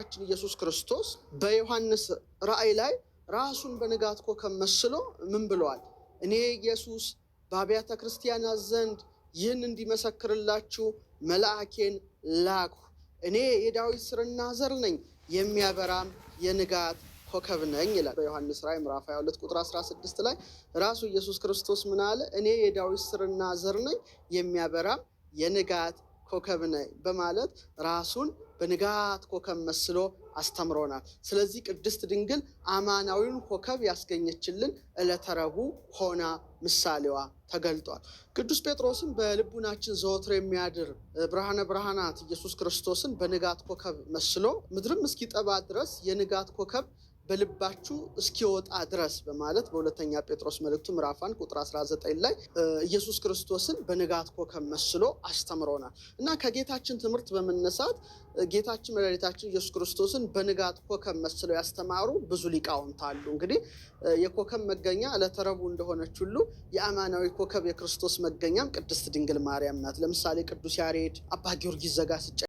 ጌታችን ኢየሱስ ክርስቶስ በዮሐንስ ራእይ ላይ ራሱን በንጋት ኮከብ መስሎ ምን ብለዋል? እኔ ኢየሱስ በአብያተ ክርስቲያናት ዘንድ ይህን እንዲመሰክርላችሁ መልአኬን ላኩ እኔ የዳዊት ስርና ዘር ነኝ፣ የሚያበራም የንጋት ኮከብ ነኝ ይላል። በዮሐንስ ራእይ ምዕራፍ 22 ቁጥር 16 ላይ ራሱ ኢየሱስ ክርስቶስ ምን አለ? እኔ የዳዊት ስርና ዘር ነኝ፣ የሚያበራም የንጋት ኮከብ ነኝ በማለት ራሱን በንጋት ኮከብ መስሎ አስተምሮናል። ስለዚህ ቅድስት ድንግል አማናዊውን ኮከብ ያስገኘችልን ዕለተ ረቡዕ ሆና ምሳሌዋ ተገልጧል። ቅዱስ ጴጥሮስን በልቡናችን ዘወትር የሚያድር ብርሃነ ብርሃናት ኢየሱስ ክርስቶስን በንጋት ኮከብ መስሎ ምድርም እስኪጠባ ድረስ የንጋት ኮከብ በልባችሁ እስኪወጣ ድረስ በማለት በሁለተኛ ጴጥሮስ መልእክቱ ምዕራፍ አንድ ቁጥር 19 ላይ ኢየሱስ ክርስቶስን በንጋት ኮከብ መስሎ አስተምሮናል እና ከጌታችን ትምህርት በመነሳት ጌታችን መድኃኒታችን ኢየሱስ ክርስቶስን በንጋት ኮከብ መስለው ያስተማሩ ብዙ ሊቃውንት አሉ። እንግዲህ የኮከብ መገኛ ለተረቡ እንደሆነች ሁሉ የአማናዊ ኮከብ የክርስቶስ መገኛም ቅድስት ድንግል ማርያም ናት። ለምሳሌ ቅዱስ ያሬድ፣ አባ ጊዮርጊስ ዘጋስጫ